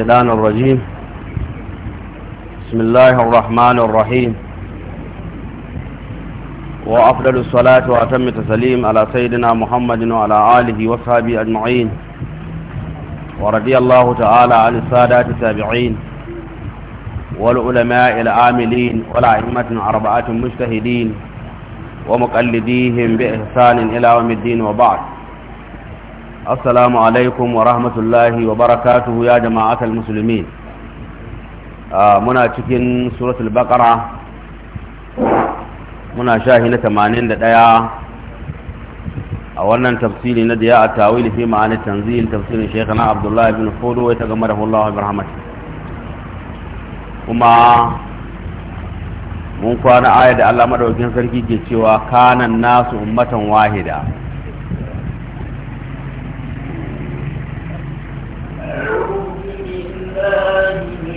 الشيطان الرجيم بسم الله الرحمن الرحيم وأفضل الصلاة وأتم التسليم على سيدنا محمد وعلى آله وصحبه أجمعين ورضي الله تعالى عن السادات التابعين والعلماء العاملين والأئمة الأربعة المجتهدين ومقلديهم بإحسان إلى يوم الدين وبعد السلام عليكم ورحمة الله وبركاته يا جماعة المسلمين منا تكين سورة البقرة منا شاهنة 81 a wannan tafsiri na da ya a tawili fi ma'anin tanzil tafsirin shekana abdullahi bin fodo ya ta da hulawa rahmat kuma mun kwana aya da allah maɗaukin sarki ke cewa kanan nasu ummatan wahida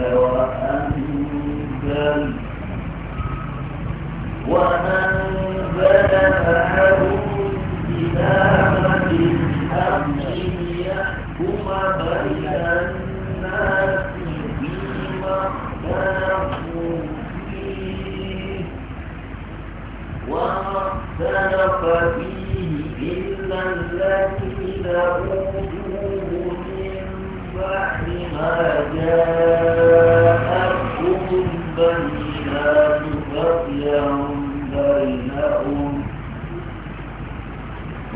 وأنزل وأنزل معهم كتابا بالحق ليحكم بين الناس فيما اختلفوا فيه وما اختلف فيه إلا الذين أوتوه من بعد ما جاءوا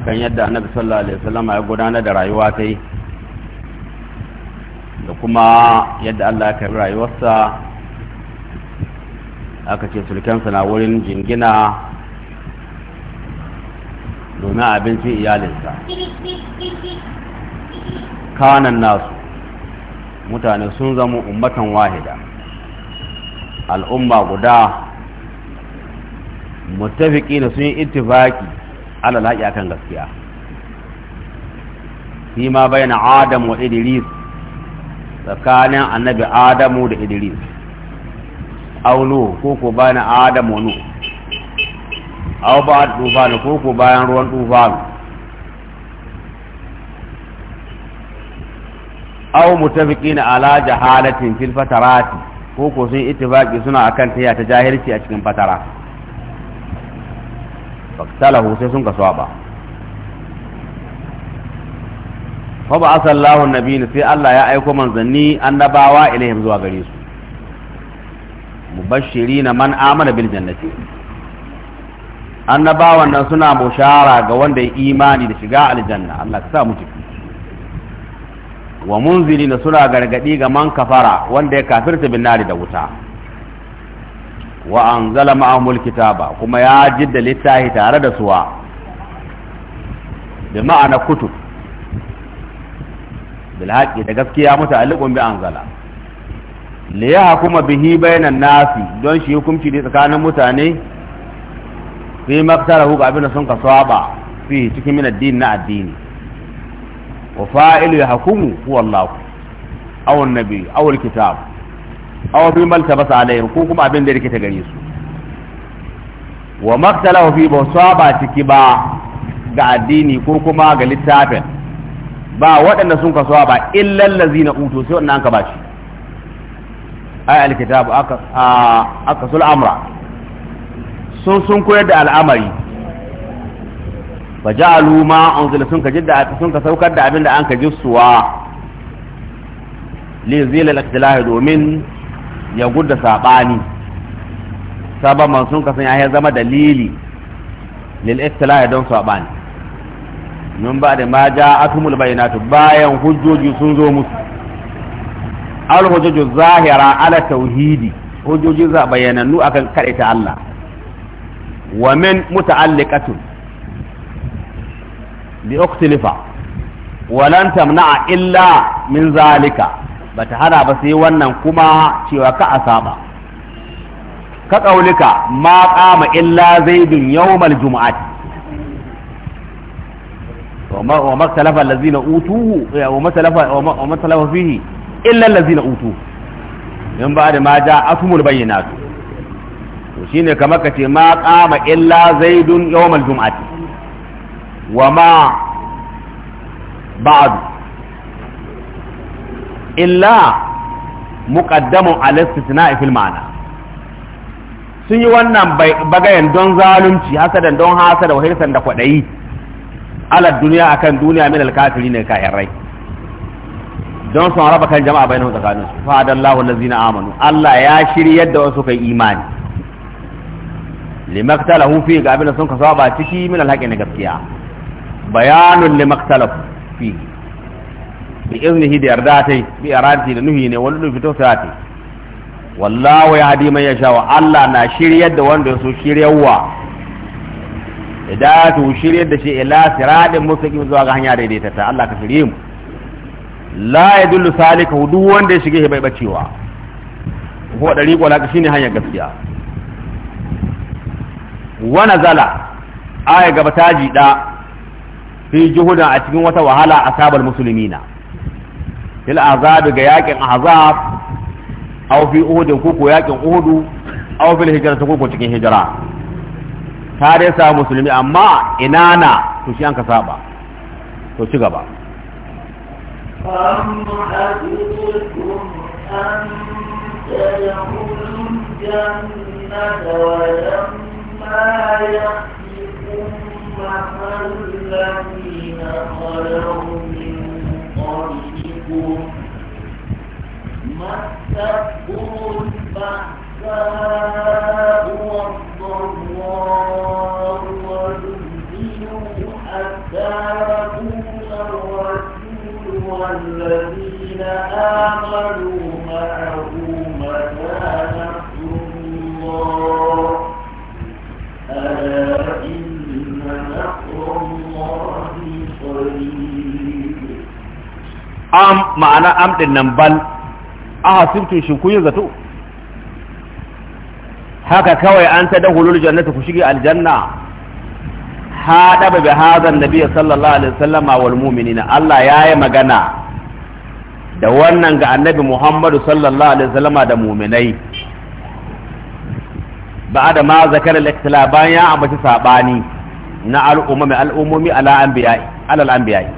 akan yadda annabi sallallahu alaihi wasallam ya gudanar da rayuwa ta da kuma yadda Allah ya karbi rayuwarsa aka ce sulkensa na wurin jingina domin abinci iyalinsa kanan nasu mutane sun zama ummatan wahida al'umma guda mutafiki na sun yi ittifaki laƙi a kan gaskiya shi ma bayyana adamu wa idris tsakanin annabi adamu da idris auno ko ko bayan adamu nu au ba tufanu ko ko bayan ruwan tufanu au na ala jahalatin fil fatarati ko ko sun baƙi suna akan kan ta jahilci a cikin fatara faktalahu sai sun ka saba fa ba asallahu nabiyyi sai Allah ya aiko manzanni annabawa ilaihim zuwa gare su mubashirina man amana bil jannati annabawan nan suna bushara ga wanda ya imani da shiga aljanna Allah ka sa mu ciki wa suna gargadi ga man kafara wanda ya kafirta bin da wuta wa anzala ma'amul kitaba kuma ya jidda littafi tare da suwa da ma'ana kutub bil da gaskiya muta'alliqun bi anzala li kuma bihi bainan nasi don shi hukunci ne tsakanin mutane fi maktarahu ga abin sun kasaba fi cikin min addini na addini wa fa'ilu yahkumu huwa Allah aw an-nabi aw al-kitab aw bi ta basa alaihim ko kuma abin da yake ta gare su wa maktalahu fi ba ciki ba ga addini ko kuma ga littafin ba waɗanda sun kasuwa ba illal lazina uto sai wannan ka bashi ay alkitabu aka aka sul amra sun sun koyar da al'amari faja'alu ma unzila sun ka jidda sun ka saukar da abin da an ka jissuwa li zila al-ikhtilahi domin ya gudda saɓani sababan sun kasan ya zama dalili lil ya don saɓani min ba da ma ja atumul bayanatu bayan hujjoji sun zo musu al hujjoji zahira ala tauhidi hujjoji za bayanannu akan kaɗaita Allah wa min muta'alliqatun bi uktilifa wa lan tamna'a illa min zalika bata hana ba sai wannan kuma cewa ka a saba ka kaulika ma qama illa zaidun yawmal jumu'ati wa maktalafa allazina utuhu wa maktalafa wa maktalafa fihi illa lazina utuhu in ba da ma ja asmul bayyinatu to shine kamar ka ce ma qama illa zaidun yawmal jumu'ati wa ma ba'du illa muqaddamun ala istisna'i fil ma'ana sun yi wannan bagayen don zalunci hasadan don hasada wa hirsan da kwadayi ala duniya akan duniya min alkafiri ne ka yarrai don sun raba kan jama'a bainahu tsakanin su fa adallahu allazina amanu Allah ya shiryar da wasu kai imani limaktalahu fi ga abin da sun kasaba ciki min alhaqi na gaskiya bayanun limaktalahu fi bi iznihi da yarda ta bi iradati da nuhi ne wani nufi to ta wallahu ya hadi man yasha wa Allah na shiryar da wanda ya so shiryarwa idatu shiryar da shi ila siradin mustaqim zuwa ga hanya daidaita ta Allah ka shirye mu la yadullu salika duk wanda ya shige bai bacewa ko dari ko laka shine hanya gaskiya wa nazala aya gaba taji da fi juhudan a cikin wata wahala asabal muslimina fil azab ga yakin azab aw fi uhud ko ko yakin uhud aw fil hijra ko ko cikin hijra ta dai sa musulmi amma inana to shi an ka saba to ci gaba أم حسبتم أن ولما يأتكم مثل الذين خلوا البأساء والضراء وزلزلوا حتى يقول الرسول والذين آمنوا معه متى نصر الله ألا إن نصر الله قريب أم معنى أم للنبل أحسبتم شكوين ذاته haka kawai an ta dahulul jannata ku shige aljanna Ha daba bi hazan nabi sallallahu alaihi wasallama wal mu'minina Allah yayi magana da wannan ga annabi Muhammadu sallallahu alaihi wasallama da mu'minai ba'da ma zakara al-ikhtilaf bayan ya ambaci sabani na al-umami al-umumi ala anbiya'i ala al-anbiya'i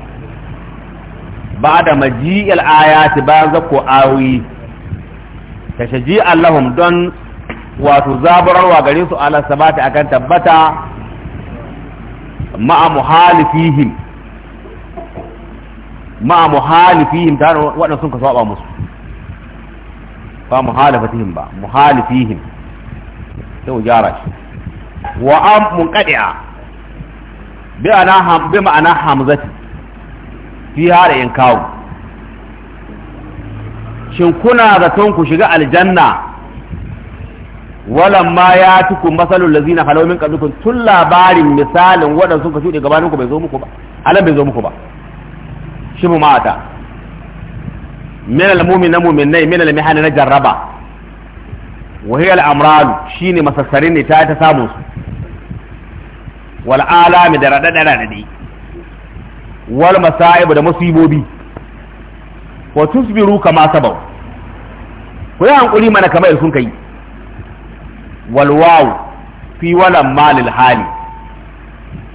ba'da maji'il ayati ba zakku awi tashji'an lahum don wato zaburarwa gare su ala sabata akan tabbata ma'a muhalifihim ma'a muhalifihim tare waɗanda sun ka saba musu ba muhalifatihim ba muhalifihim sai gyara shi wa an mun bi bi ma'ana hamzati fi hada in kawo shin kuna zaton ku shiga aljanna walamma ya tuku masalul lazina halau min qablikum tun labarin misalin waɗanda suka shuɗe gabanin ku bai zo muku ba alam bai zo muku ba shi mu mata min al mu'mina mu'minai min al mihani na jarraba wa hiya al amrad shine masassarin ne ta ta samu su wal alami da radada radadi wal masa'ib da musibobi wa tusbiru kama sabau ku yi hankuri mana kamar sun kai wal waw fi walan malil hali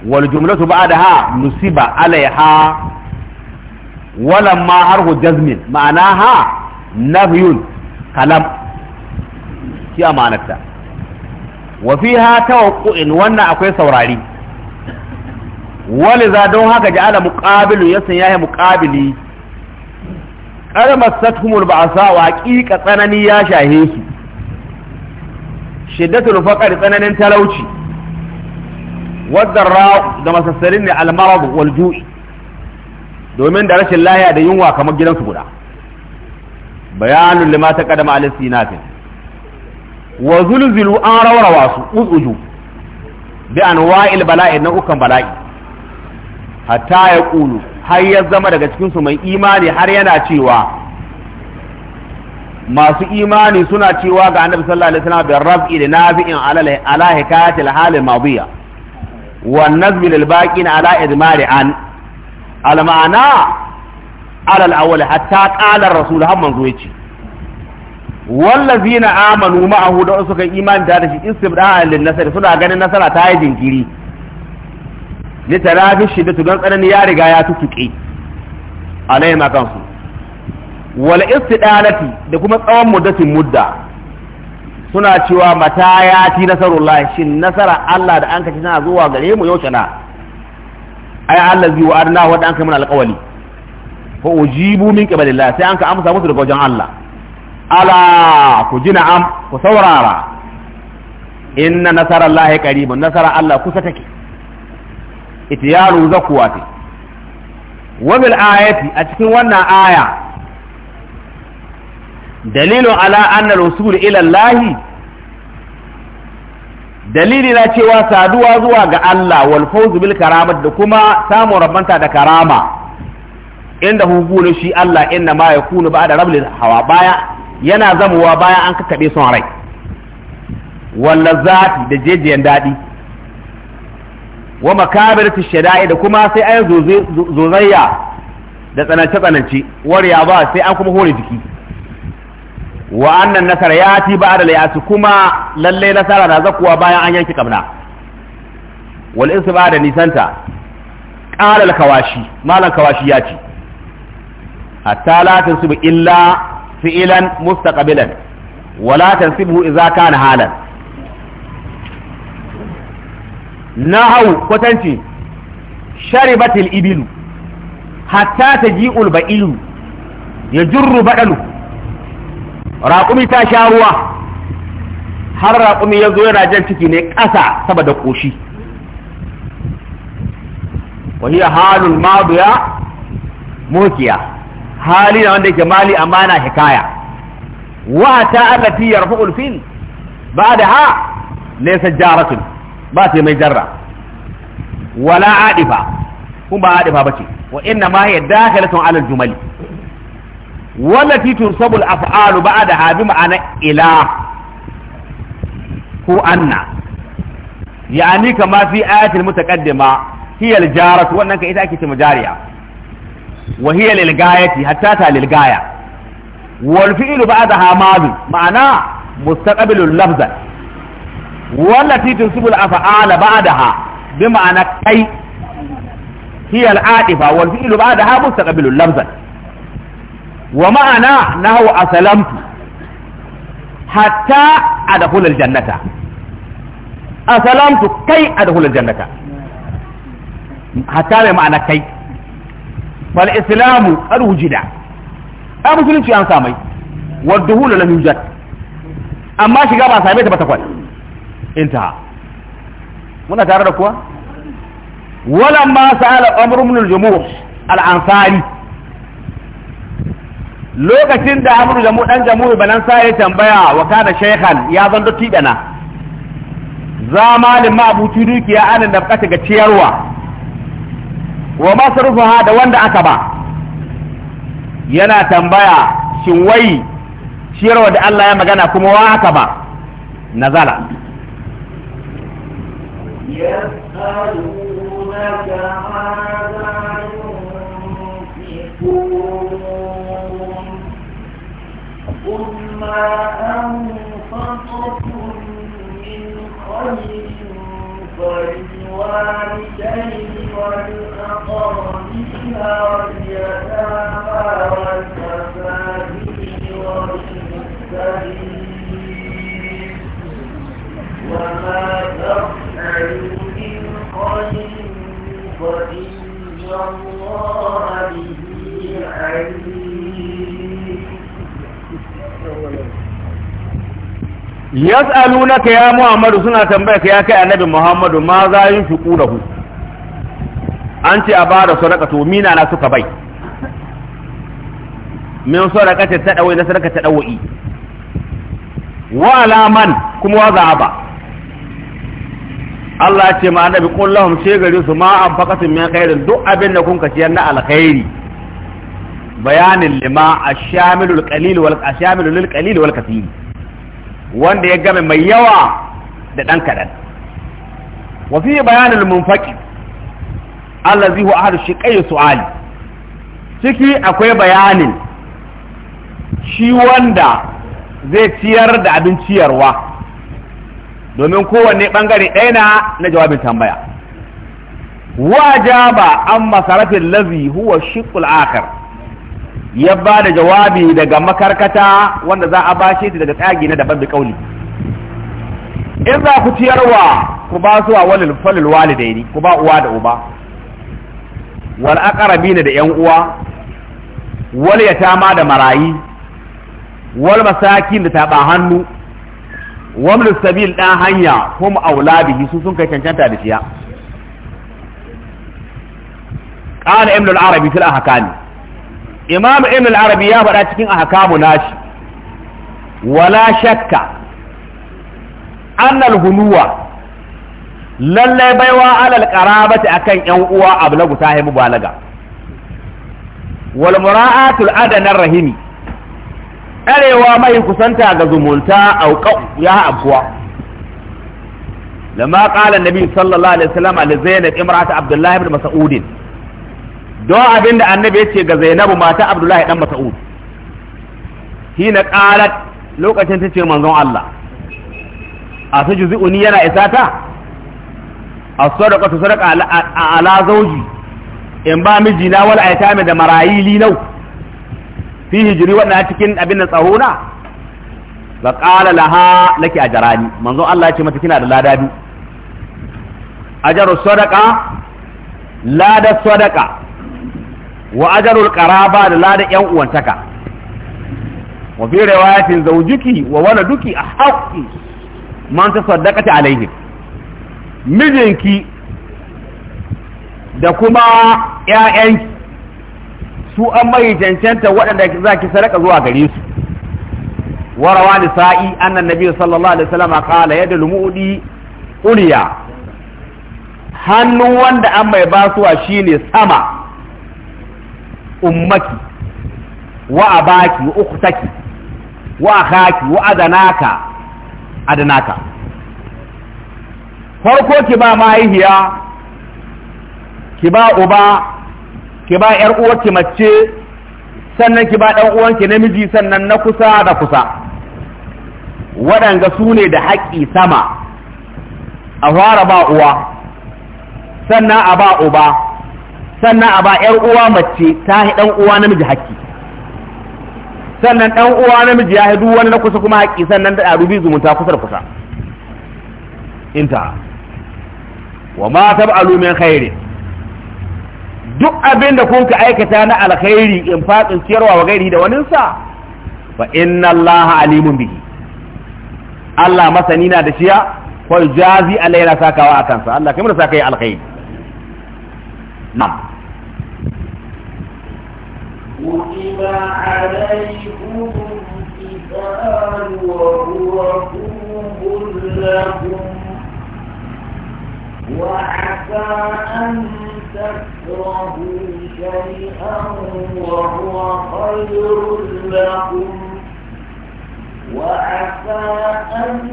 wal jumlatu ba'daha nusiba alaiha walan ma harfu jazmin ma'anaha nafyun kalam shi amanarta wa fiha wannan akwai saurari waliza don haka ja'ala muqabilu yasan yahi muqabili qarmasat humul ba'sa wa haqiqa tsanani ya shahe shi shiddatul faqr tsananin talauci wadarra da masassarin ne almarad wal ju'i domin da rashin laya da yunwa kamar gidansu guda bayanun lima ta kadama al sinatin wa zulzilu an rawarwa su uzuju bi anwa'il bala'i na ukan bala'i hatta ya har ya zama daga cikin su mai imani har yana cewa masu imani suna cewa ga annabi sallallahu alaihi wasallam bi raf'i da nafi'in ala hikayatil hal madiya wa nazmi lil baqin ala idmari an al ma'ana ala al awwal hatta qala rasul har manzo yace wallazina amanu ma'ahu da suka imani da shi istibda'an lin nasar suna ganin nasara ta yi jinkiri ni litarafi shiddatu don tsanani ya riga ya tutuke alaihim akan su wal istidalati da kuma tsawon muddatin mudda suna cewa mata ya ti nasarullah shin nasara Allah da an kace na zuwa gare mu yau na ay allazi wa arna wa an kai mun alqawli fa ujibu min qabalillah sai an ka amsa musu daga wajen Allah ala ku jina am ku saurara inna nasarallahi qaribun nasara Allah kusa take itiyaru zakuwati wa bil ayati a cikin wannan aya Dalilin ana annal usul ila Allah dalili na cewa saduwa zuwa ga Allah wal fawz bil karamat da kuma samun rabanta da karama inda hukunu shi Allah inna ma yakunu ba'da rabbil hawa baya yana zamuwa bayan an kakkabe son rai walla zati da jejiyan dadi wa makabiratu shada'i da kuma sai ayi zozayya da tsanance tsanance wariya ba sai an kuma hore jiki wa'annan nasara ya ci ba da layasi kuma lalle nasara na zakuwa bayan an yanki kabna wani insu ba da nisanta ƙalar kawashi malan kawashi ya ci hatta su bi illa fi'lan mustaqbilan wa tansibu idza kana halan nahau kwatanci sharibatil ibilu hatta taji'ul ba'ilu yajurru badalu raƙumi ta sha ruwa har raƙumi ya zo yana jan ciki ne ƙasa saboda ƙoshi ya halin maduya mokiya hali na wanda yake mali amana hikaya wa ta ulfin ba da ha laysa jaratun ba ta mai jarra wala adifa kuma ba adifa wa inna ma ya dakhilatun ala jumali والتي تنصب الافعال بعدها بمعنى اله هو ان يعني كما في ايه المتقدمه هي الجاره وانك اذا كنت مجاريه وهي للغايه حتى للغايه والفعل بعدها ماضي معناه مستقبل اللفظ والتي تنصب الافعال بعدها بمعنى كي هي العاطفه والفعل بعدها مستقبل اللفظ wa ma'ana nahu asalamtu hatta adkhul aljannata asalamtu kai adkhul aljannata hatta mai ma'ana kai fal islamu qad wujida a musulunci an samai wa duhulu lam yujad amma shiga ba same ta ba ta kwal muna tare da kuwa al lokacin da amru da mu dan jamhuri balan sa ya tambaya wa kana shaykhan ya zan dotti dana zamalin ma dukiya anan da fata ga ciyarwa wa masrufaha da wanda aka ba yana tambaya shin wai ciyarwa da Allah ya magana kuma wa aka ba nazala يسألونك ماذا ينفقون قل ما من خير فلوالدين والأقربين واليتامى والمساكين والمسلمين وما تقعد yas'alunaka ya Muhammadu suna tambaya ka ya kai annabi Muhammadu ma za yin shuqurahu an ce a bada sadaka to mina na suka bai min sadaka ta tadawi na sadaka ta wa alaman kuma wa zaba Allah ya ce ma annabi qul lahum ce gari su ma an faqatin min khairin duk abin da kun kaci na alkhairi bayanin lima ashamilul qalil wal qalil wal kathir wanda ya game mai yawa da ɗan kaɗan wafi bayanin munfaki Allah zihu ahadu shi kai su'ali ciki akwai bayanin shi wanda zai ciyar da abin ciyarwa domin kowanne ɓangare ɗaya na na jawabin tambaya wajaba an masarafin lazi huwa shiqul akar ya ba da jawabi daga makarkata wanda za a bashe shi daga tsagi na daban da kauli in za ku ciyarwa ku ba su wa walil falil walidaini ku ba uwa da uba wal ne da yan uwa wal tama da marayi wal masakin da taba hannu wamlus sabil dan hanya ko aulabihi su sun kai cancanta da shiya qala ibn al-arabi fil ahkami imam ibn al-arabi ya faɗa cikin ahkamu nashi wala shakka annal hunuwa lallai baiwa alal qarabati akan yan uwa ablagu sahibu balaga wal mura'atul adana rahimi arewa mai kusanta ga zumunta auqa ya abkuwa lama qala nabi sallallahu alaihi wasallam li zainab imra'at abdullah ibn mas'ud don abin da annabi ya ce ga zainabu mata abdullahi dan mas'ud hina qalat lokacin ta ce manzon Allah a ta juzu'uni yana isa ta a sadaka ta sadaka ala zauji in ba miji na wal aitami da marayili nau fi hijri wannan cikin abin da tsahona la qala laha laki ajrani manzon Allah ya ce mata kina da lada biyu ajaru sadaka lada sadaka wa ajarul qaraba da lada yan uwantaka wa bi riwayatin zawjiki wa waladuki ahqqi man tasaddaqati alayhi mijinki da kuma yayan su an mai cancanta waɗanda zaki ki sadaka zuwa gare su wa rawani sa'i annan sallallahu alaihi wasallam qala yadul mu'di uliya hannu wanda an mai basuwa shine sama ummaki wa abaki wa ukhtaki wa akhaki wa adanaka adanaka farko ki ba mahaihiya ki ba uba ki ba yar ki mace sannan ki ba dan uwanki namiji sannan na kusa da kusa waɗanga su ne da haƙƙi sama a fara ba uwa sannan a ba uba sannan a ba ‘yar uwa mace ta yi ɗan uwa namiji haƙƙi sannan ɗan uwa namiji ya duk wani na kusa kuma haƙƙi sannan da rubi zumunta kusa da kusa inta wa ma tab'alu min khairi duk abin da kun ka aikata na alkhairi in faɗin ciyarwa wa gairi da waninsa fa inna Allah alimun bihi Allah masani na da shiya ko jazi Allah yana sakawa a kansa Allah kai sa saka yi alkhairi na'am كتب عليكم القتال وهو كوب لكم وعسى أن تكرهوا شيئا وهو خير لكم وعسى أن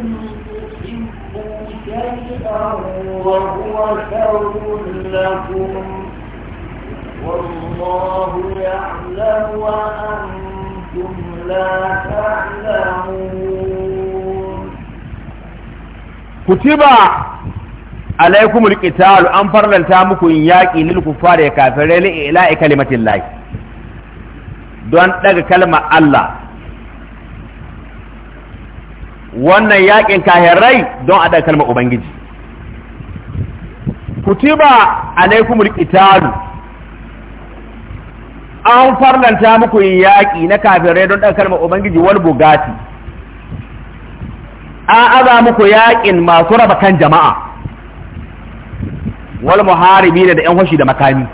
تحبوا شيئا وهو شر لكم والله يعلم وأنتم لا تعلمون alaikum alqital an farlanta muku yin yaki lil kuffar ya kafire li ila kalimatin lahi don daga kalma Allah wannan yakin kahirai don a daga kalmar ubangiji kutiba alaikum alqital an farlanta muku yin yaƙi na kafirai don ɗan kalmar ubangiji wal bugati an aza muku yaƙin masu raba kan jama'a wal muharibi da ƴan hoshi da makami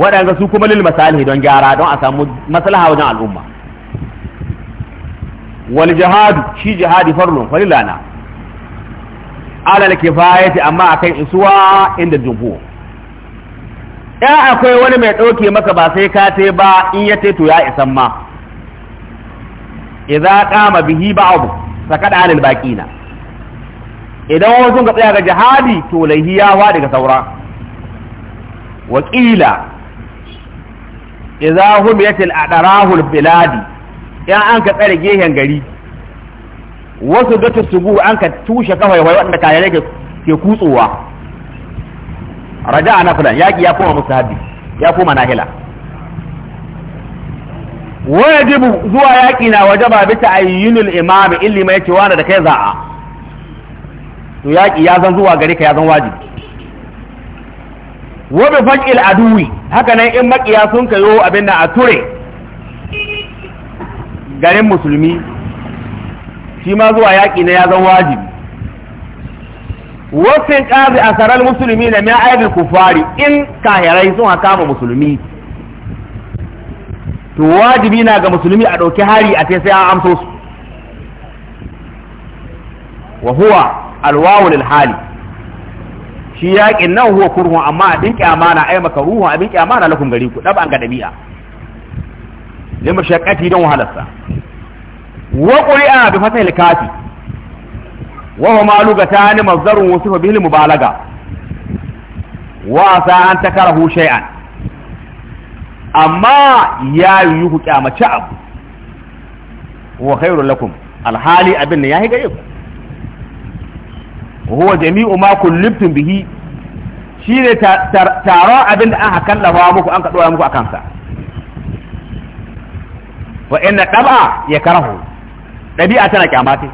waɗanda su kuma lil masalihi don gyara don a samu maslaha wajen al'umma wal jihadu shi jihadi farlun falilana ala kifayati amma akan isuwa inda jumhur ya akwai wani mai ɗauke maka ba sai ka te ba in ya to ya isan ma idza qama bihi ba'd sakada anil baqina idan wani sun ka tsaya ga jihadi to laihiyawa daga saura wakila idza hum yatil adarahul biladi yan an ka tsare gehen gari wasu gatu subu an ka tushe kawai wai wanda ke kutsowa raja'a nafilan yaki ya koma musu mustahabi ya koma nahila wajibu zuwa yaki na wajaba bi ta'ayyinul imam illi mai yace wani da kai za'a to yaki ya zan zuwa gari ka ya zan wajibi wabi fakil aduwi haka nan in makiya sun kayo abin da a ture garin musulmi shi ma zuwa yaki na ya zan wajibi wafin ƙazi a sarar musulmi na mai aibin kufari in kahirai sun haka ma musulmi to wajibi na ga musulmi a ɗauki hari a sai an amso su wa huwa alwawu lil hali shi yaƙin nan huwa kurhu amma abin kyamana ai maka ruhun abin kyamana lakum gari ku ɗaba an ga ɗabi'a limar shakati don wahalarsa wa ƙuri'a bi fasahil kafi wa ma lugatani mazdarun wasifa bihi mubalaga wasa asa an takarahu shay'an amma ya yi ku kyamaci wa khairul alhali abin ya gare ku huwa jami'u ma kullibtum bihi shine taron abinda da aka kallafa muku an ka dora muku akan sa ya tana kyamata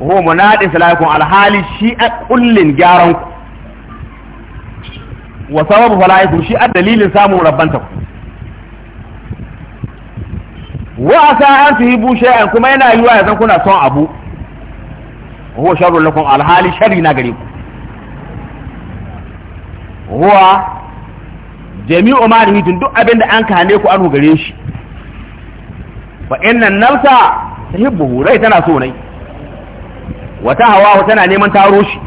huwa munadin salakum alhali shi a kullin gyaran ku wa sababu falaikum shi a dalilin samun rabbanta ku wa asa an tuhibu shay'an kuma yana yiwa yanzu kuna son abu huwa sharrun lakum alhali sharri na gare ku huwa jami'u ma tun duk abinda an kane ku an gare shi fa innan nafsa tuhibbu tana so nai wata hawa tana neman taro shi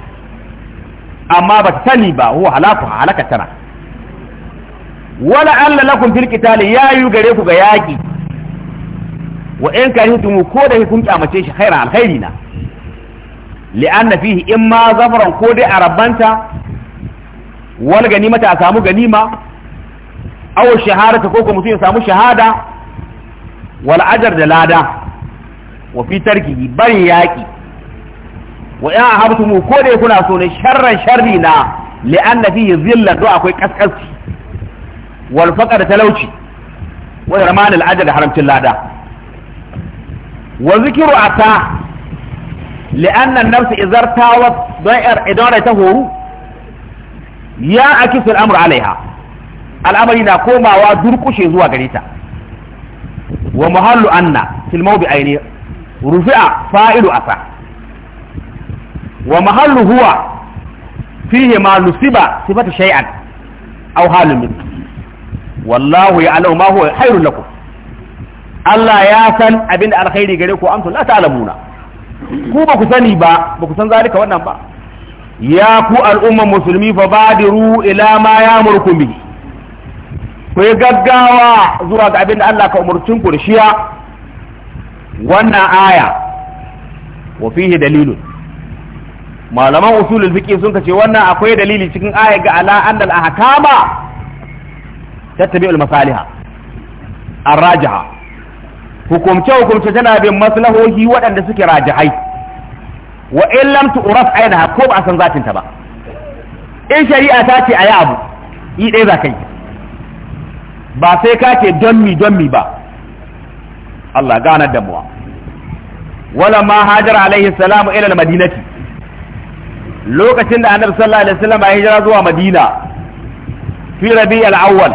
amma ba sani ba huwa halaku halaka tana wala alla lakum fil qitali yayu gare ku ga yaki wa in karihtum ko da kun kyamace shi khairan alkhairi na li'anna fihi imma zafran ko dai arabanta wal ganimata a samu ganima aw shahadata ko ko mutum ya samu shahada wal ajr da lada wa fi tarkihi bari yaki wa ya ahabtumu ko dai kuna so ne sharran sharri na li'anna fihi zilla do akwai kaskanci wal faqar talauci wa ramanil da haramcin lada wa zikiru zikru nan li'anna an-nafs idza tawat da'ir idara ta horu ya a kisa al'amur alaiha al'amari na komawa durkushe zuwa gare ta wa muhallu anna tilmau mawdi aini rufi'a fa'ilu asa wa mahallu huwa fihi ma lusiba sifatu shay'an aw halun min wallahu ya'lamu ma huwa khairun lakum Allah ya san abin da alkhairi gare ku amsu la ta'lamuna ku ba ku sani ba ba ku san zalika wannan ba ya ku al'umma musulmi fa badiru ila ma ya'murukum bihi ku yi gaggawa zuwa ga abin da Allah ka umurcin ku da shiya wannan aya wa fihi dalilun malaman usulul fiqh sun kace wannan akwai dalili cikin ayat ga ala annal ahkama tattabi'ul masaliha arrajaha hukumce hukumce tana bin maslahohi waɗanda suke rajahai wa in lam tu'raf ainaha ko ba san zatin ta ba in shari'a ta ce ayi abu yi dai za kai ba sai ka ce don mi don mi ba Allah ganar da muwa wala ma hajar alaihi salamu ila al-madinati lokacin da annabi sallallahu alaihi wasallam ya hijira zuwa madina fi rabi al-awwal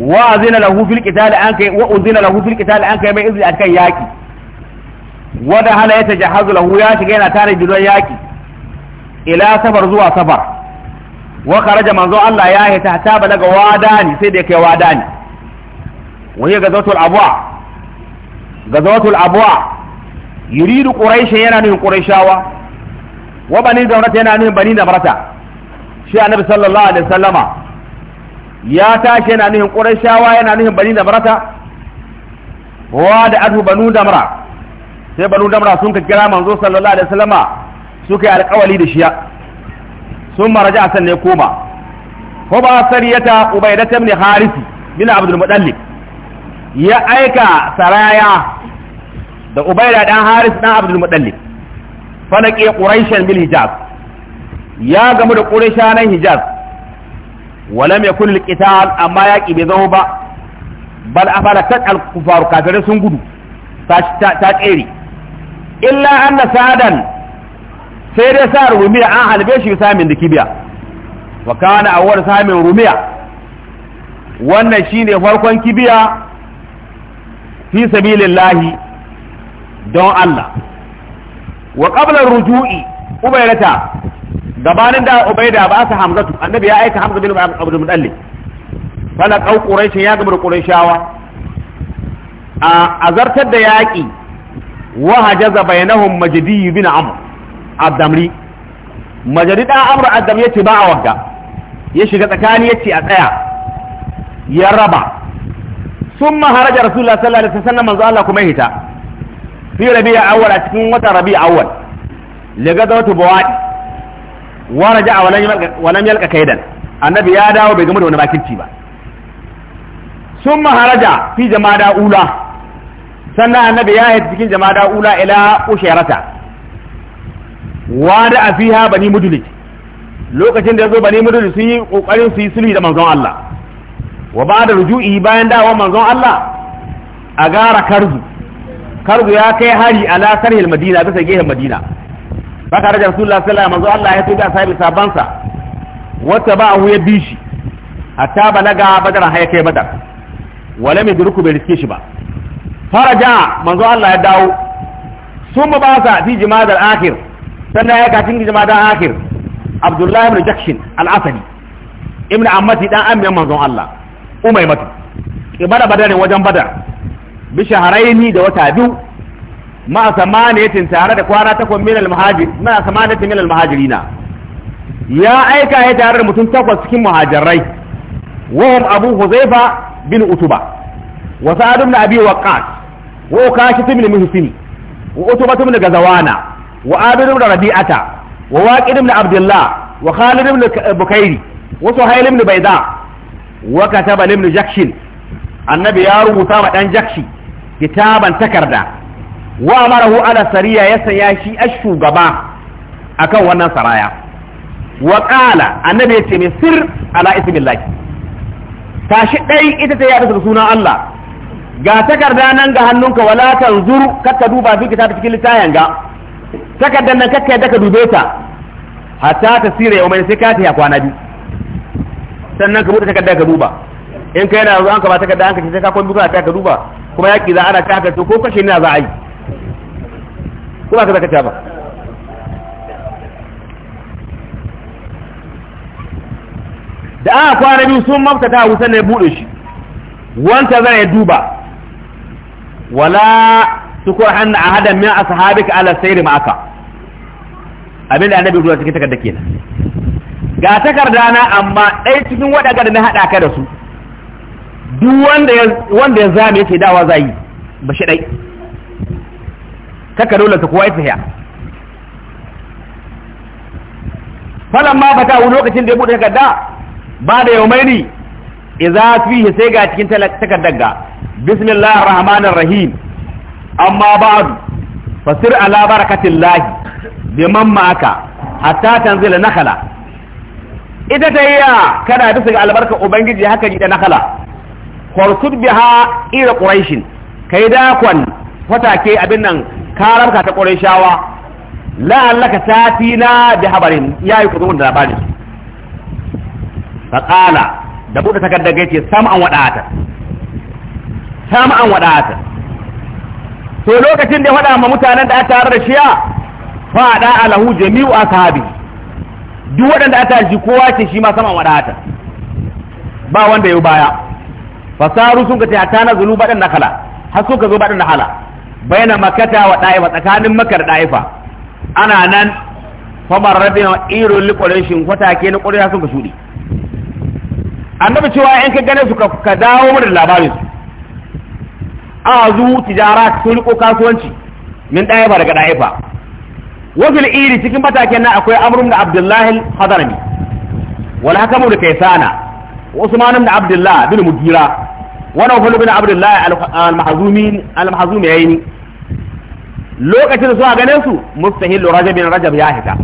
wa azina lahu fil qital an kai wa uzina lahu fil qital an kai mai izini akan yaki wada hala ya tajahazu lahu ya shiga yana tare bidon yaki ila safar zuwa safar wa kharaja manzo Allah ya hita ta balaga wadani sai da kai wadani wa hiya gazatul abwa gazatul abwa yuridu quraish yana nuna quraishawa wa bani zaurata yana nuhin bani marata shi annabi sallallahu alaihi wasallama ya tashi yana nuhin shawa yana nuhin bani nabarata wa da atu banu damra sai banu damra sun ka kira manzo sallallahu alaihi su ka yi alƙawali da shiya sun maraja san ne koma ko ba sariyata ubaidata ibn harisi bin abdul mudallib ya aika saraya da ubaida dan haris dan abdul mudallib falaƙe ƙuraishen bil hijaz ya gamu da ƙuraishanan hijaz walam ya kulli qital amma yaƙi bai zama ba bal afalakat al kufaru kafirai sun gudu ta Ila illa anna sa'adan sai dai sa rumiya an halbe shi samin da kibiya wa kana awwal samin rumiya wannan shine farkon kibiya fi sabilillahi don Allah wa qabla ruju'i ubaydata gabanin da da ba su hamzatu annabi ya aika hamza bin abdul mudallib fala qau quraish ya gabar qurayshawa a azartar da yaƙi wa hajaza bainahum majdi bin amr abdamri majdi da amr abdam ce ba a wagga ya shiga tsakani ce a tsaya ya raba summa haraja rasulullah sallallahu alaihi wasallam manzo Allah kuma hita fi rabi'a awwal a cikin watan rabi'a awwal lagazawatu bawadi wa raja'a wa lam yalqa kaidan annabi ya dawo bai gama da wani bakirci ba sun maharaja fi jama'a ula sannan annabi ya yi cikin jama'a ula ila usharata wa da a fiha bani mudulik lokacin da ya zo bani mudulik sun yi kokarin su yi sulhi da manzon Allah wa ba da ruju'i bayan dawo manzon Allah a gara karzu karbu ya kai hari a sarhil madina bisa gehen madina baka rajar rasulullah sallallahu manzo Allah ya tuba sahibi sabansa wata ba hu ya bi shi hatta balaga badar haya kai badar wala mai duruku bai riske shi ba faraja manzo Allah ya dawo sun ba sa fi jima'ar akhir sannan ya kacin jima'ar akhir abdullahi ibn jakshin al-asadi ibn ammati dan amiyan manzon Allah umaymatu ibada badarin wajen badar bi da wata biyu ma samaniyatin tare da kwana takwas min al-muhajir ya aika ya tare da mutum takwas cikin muhajirai wahum abu huzaifa bin utuba wa sa'ad ibn abi waqqas wa ukashi ibn wa utuba ibn gazawana wa abid ibn rabi'ata wa waqid ibn abdullah wa khalid ibn eh, bukairi wa suhayl wa annabi ya rubuta wa dan jakshi kitaban takarda wa amarahu ala sariya ya sanya shi a shugaba a kan wannan saraya wa qala annabi ya ce mai sir ala ismillahi tashi dai ita ta yada da sunan Allah ga takarda nan ga hannunka wala tanzur ka duba fi kitabi cikin litayan ga takardar nan kakka yadda ka dube ta hatta ta sira yau mai sai ka ta kwana biyu sannan ka buɗe takardar ka duba in ka yana zuwa ka ba takarda an ka ce sai ka kwan biyu ka duba kuma yaƙi za ana taka to ko kashe na za a yi ko ba ka zaka ba da aka kwana biyu sun mafta ta wusan ya buɗe shi wanta zai ya duba wala tukur hanna ahadan min ashabika ala sayri ma'aka abinda annabi ruwa cikin takarda kenan ga takarda na amma ɗaya cikin waɗanda na haɗa ka da su duk wanda ya zama ya zame yake dawa yi ba shi ɗai taka dole ka kuwa ya falan ma fata wani lokacin da ya bude takarda ba da yaumaini idza fihi sai ga cikin takardar ga bismillahir rahmanir rahim amma ba'du fasir ala barakatillah biman ma'aka hatta tanzila nakala ita ta yiya kana bisa ga albarkar ubangiji haka ji da nakala bi biha ila quraishin kai dakon ke abin nan karabka ta quraishawa la'allaka tatina bi habarin yayi kudun da labari faqala da buɗe takardar gace sam'an wada'ata sam'an wada'ata to lokacin da faɗa ma mutanen da aka tare da shiya faɗa alahu jami'u ashabi duk waɗanda aka ji kowa ce shi ma sama wadata ba wanda ya baya fasaru sun kace a na zulu badan nakala har sun ka zo badan nakala baina makata wa ɗa'ifa tsakanin makar daifa ana nan famar rabin irin liƙwarishin kwata ke na ƙwarya sun ka shuɗi annabi cewa in ka gane su ka dawo mana labarin su a zu tijara sun riƙo kasuwanci min ɗaifa daga ɗaifa wasu iri cikin matakin nan akwai amrun da abdullahi hadarami wala hakamu da kaisana wa bin da abdullah bin mugira wani hulu bin abdullahi al-mahazumi al-mahazumi yayi lokacin su a ganin su mustahil rajabin rajab ya hita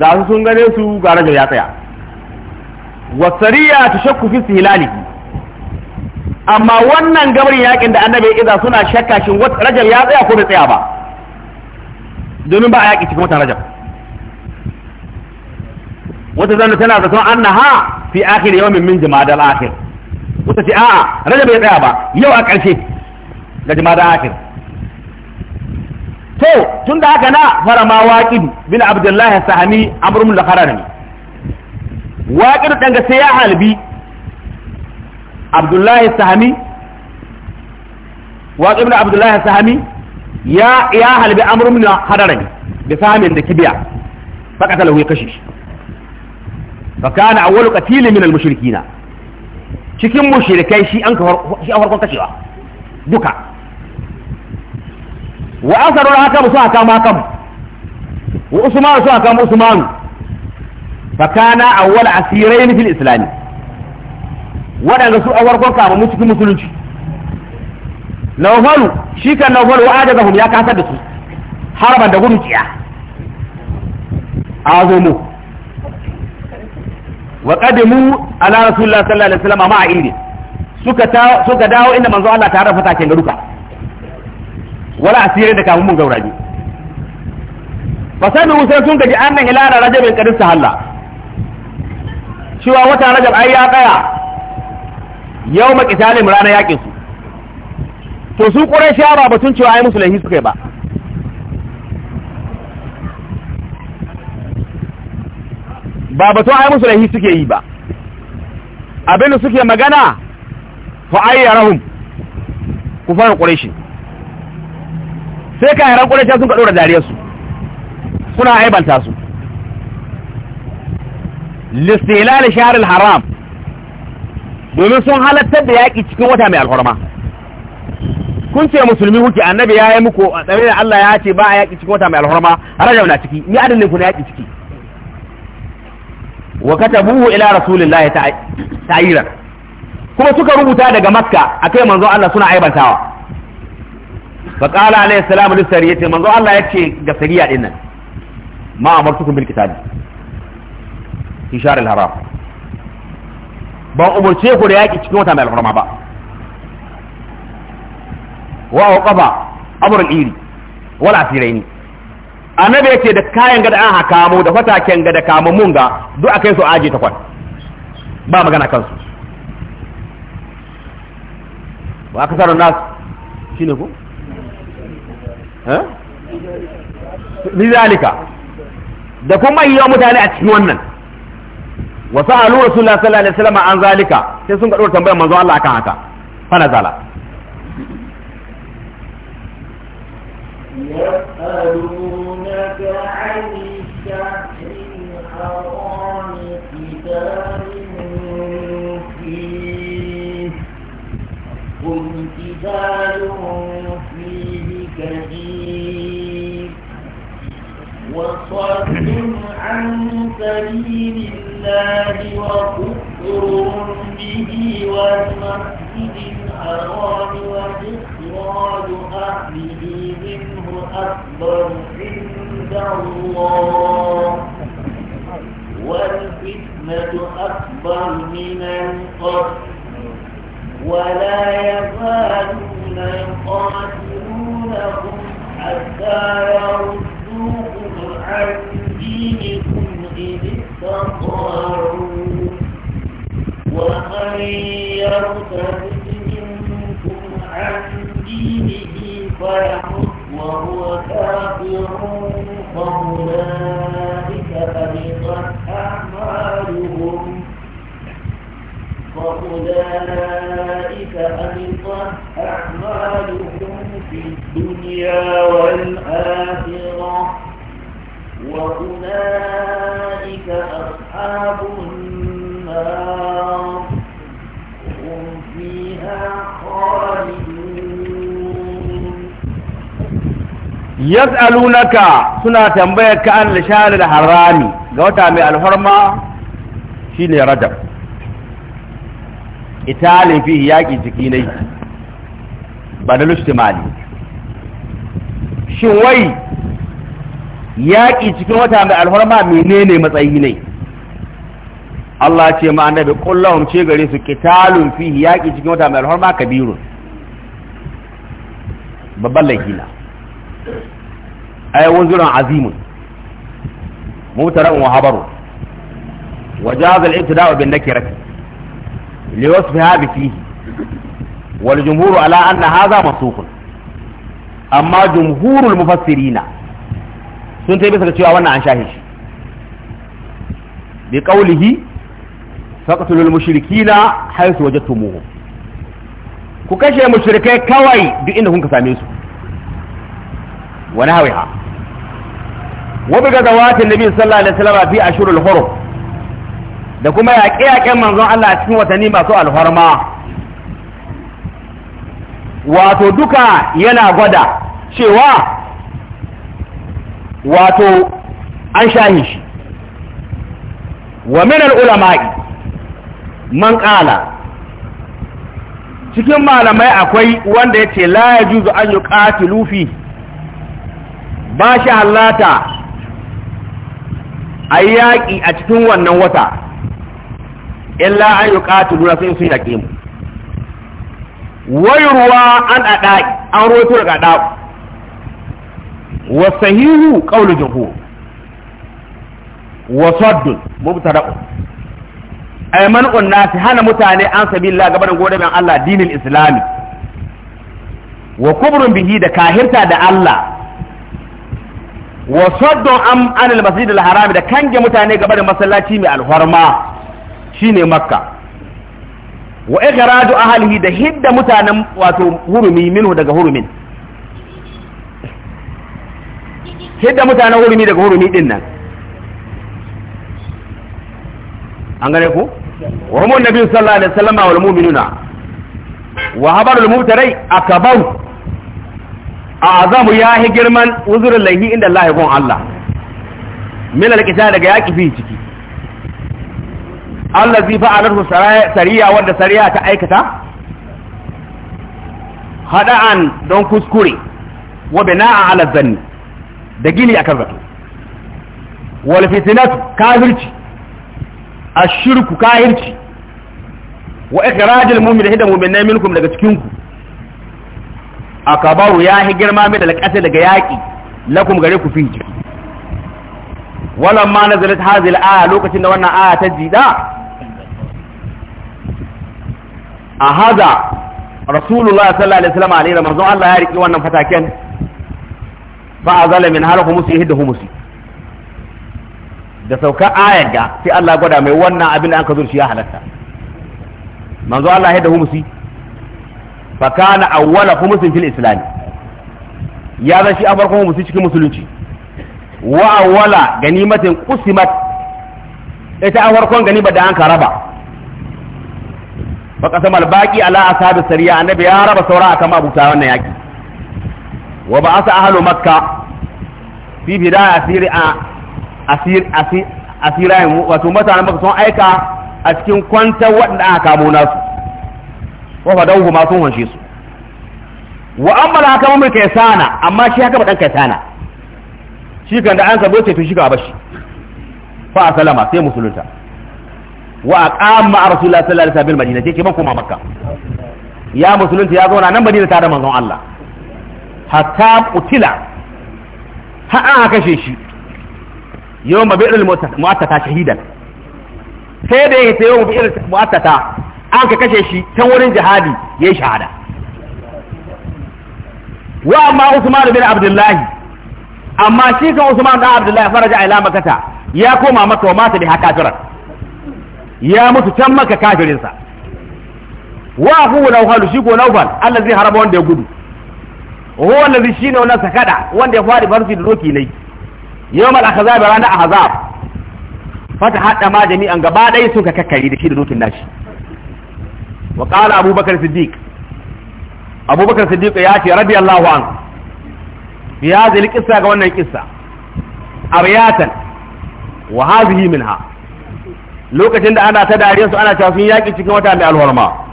ga su sun gane su ga rajab ya tsaya wasariya tashakku fi hilalihi amma wannan gabar yakin da annabi iza suna shakka shin rajab ya tsaya ko bai tsaya ba domin ba a yaki cikin wata rajab wata zanna tana zaton annaha fi akhir yawmin min jama'al akhir suka ce a'a rajab bai tsaya ba yau a ƙarshe ga jama'a da akhir to tun da haka na fara ma waqid bin abdullahi sahami amrun al-kharani waqid dan ga sai ya halbi abdullahi sahami abdullahi sahami ya ya da sahamin da kibiya fakata lahu ya kashe shi fakana awwalu qatil min al-mushrikina cikin mushrikai shi an shi an farkon kashewa duka wa asaru hakam su hakam hakam wa usman su hakam usman fa kana awwal asirain fil islam wadanda su an farkon kama mu cikin musulunci nawfalu shi kan nawfalu wa adabahum ya kasar da su harban da gudun kiya azumu wa qadimu ala rasulillah sallallahu alaihi wasallam ma ilmi suka ta suka dawo inda manzo Allah ta rafa take garuka wala asirin da kamun mun gauraje fasami sai sun gaji annan rajab rajabin qadis sahalla cewa wata rajab ayya ya tsaya yau rana ranar yaƙin su to su ƙurai ba batun cewa ai musu laifi suka ba ba to ai musu laifi suke yi ba da suke magana fa ayyarahum kufarin quraishi sai yaran quraishi sun ka dora dariyar su suna aibanta su listilal shahr al-haram domin sun halattar da yaki cikin wata mai alhurma kun ce musulmi huki annabi ya yi muku a tsarin Allah ya ce ba a yaki cikin wata mai alhurma rajab na ciki ni adalin ku na yaki ciki wa katabuhu ila rasulillahi ta'ira kuma suka rubuta daga makka akai manzon Allah suna aibantawa fa qala alayhi salamu li sariyati manzon Allah yace ga sariya din nan ma amartukum bil kitabi fi shahr al haram ban umurce ku da yaki cikin wata mai alhurma ba wa aqaba amr al iri wal asiraini annabi yake da kayan gada an haka mu da fataken gada kama mun ga duk akai su aji takwas ba magana kansu wa aka sarar nas shine ku? eh lizalika da kuma yi wa mutane a cikin wannan wasu halu wasu lasala da salama an zalika sai sun gaɗo tambayar manzo Allah akan haka fa don't know. عن قتال فيه قل قتال فيه كثير وصد عن سبيل الله وكفر به والمسجد الحرام وإخراج أهله منه أكبر عند الله والفتنة أكبر من القتل ولا يزالون يقاتلونهم حتى يردوكم عن دينكم إن استطاعوا ومن يرتد منكم عن دينه فيحط وهو كافر فأولئك حبطت أعمالهم فأولئك حبطت أعمالهم في الدنيا والآخرة وأولئك أصحاب yas'alunaka suna tambayar ka an lisharar harami ga wata mai alfarma shine rajab italin fihi yaƙi jiki ne badal ishtimali shin wai yaƙi cikin wata mai alfarma menene matsayi ne Allah ce ma annabi kullum ce gare su kitalun fihi yaƙi cikin wata mai alfarma kabirun babban laifina أي منذر عظيم مبتدا وخبر وجاز الابتداء بالنكرة لوصفها بفيه والجمهور على أن هذا منسوخ أما جمهور المفسرين سنتي بس كتشوا وانا عن شاهش بقوله فاقتلوا المشركين حيث وجدتموهم ku kashe mushrikai kawai duk inda kun ka same su wa nahwiha wabi ga zawatin nabi sallallahu alaihi wasallam fi ashurul hurum da kuma yaƙe yaƙen manzon Allah a cikin watanni masu alfarma wato duka yana gwada cewa wato an shahi shi wa minar ulama'i man cikin malamai akwai wanda ce la ya an yuqatilu lufi ba shi halata a yi yaƙi a cikin wannan wata illa an yi duna sun sun yaƙe mu wai ruwa an aɗa an roto daga ɗa wa sahihu ƙaunar jihu wa raɓu A yi man nasi hana mutane an sabilillah gaban gode mai Allah dinin islami wa kubrun bihi da kahirta da Allah wa saddon an anil masjid al-haram da kange mutane gaba da masallaci mai alhorma shine makka wa ikhraju ahlihi da hidda mutanen wato hurumi minhu daga hurumin hidda hurumi daga hurumi din nan an gane ku wa nabi a azamu ya yi girman uzurin laihi inda Allah ya Allah min alƙita daga yaƙi fi ciki Allah zai fa'alar sariya wanda sariya ta aikata hada'an don kuskure wa bina'a ala zanni da gini akan zato wal fitinat kafirci ashirku kafirci wa ikhrajul mu'mina hidamu min minkum daga cikinku. ku akabaru ya hi girma mai da alƙasa daga yaƙi lakum gare ku fi jiki walamma nazalat hazil aya lokacin da wannan aya ta jida a haza rasulullah sallallahu alaihi wasallam alaihi manzo Allah ya riki wannan fataken fa azala min halaku musu yahdu musu da sauka ayar ga sai Allah gwada mai wannan abin da an zo shi ya halatta manzo Allah ya yahdu musu fakana awwala khumsin fil islam ya zan shi a farkon musu cikin musulunci wa awwala ganimatin qusimat ita a farkon ganima da an karaba fa qasama al baqi ala ashabi sariya annabi ya raba saura akan abuta wannan yaki wa ba'asa ahlu makka fi bidaya asiri a asir asir asirayen wato mutanen makka sun aika a cikin kwantar waɗanda aka kamo nasu wa fadahu ma sun wanshe su wa amma la haka mun kai sana amma shi haka ba dan kai sana shi kan da an sabo ce tun shi ka bashi fa salama sai musulunta wa a aqama rasulullah sallallahu alaihi wasallam madina ce ban koma makka ya musulunta ya zauna nan madina tare manzon Allah hatta utila ha an kashe shi yawan mabi'ul mu'attata shahidan sai da yake yawan mabi'ul mu'attata an ka kashe shi can wurin jihadi ya yi shahada wa amma usman bin abdullahi amma shi kan usman dan abdullahi a ila makata ya koma maka wa mata bi hakafiran ya mutu can maka kafirinsa wa hu nawhal shi ko allah allazi haraba wanda ya gudu huwa shi shine wannan sakada wanda ya fadi farsi da doki ne yawmal rana ranar ahzab fata haɗa ma jami'an gaba dai suka kakkari da shi da dokin nashi وقال أبو بكر الصديق أبو بكر الصديق ياتي رضي الله عنه في هذه القصة قولنا القصة أرياتا وهذه منها لوكا تند أنا تدع ريس أنا شافين ياكي تكون وتعمل الهرماء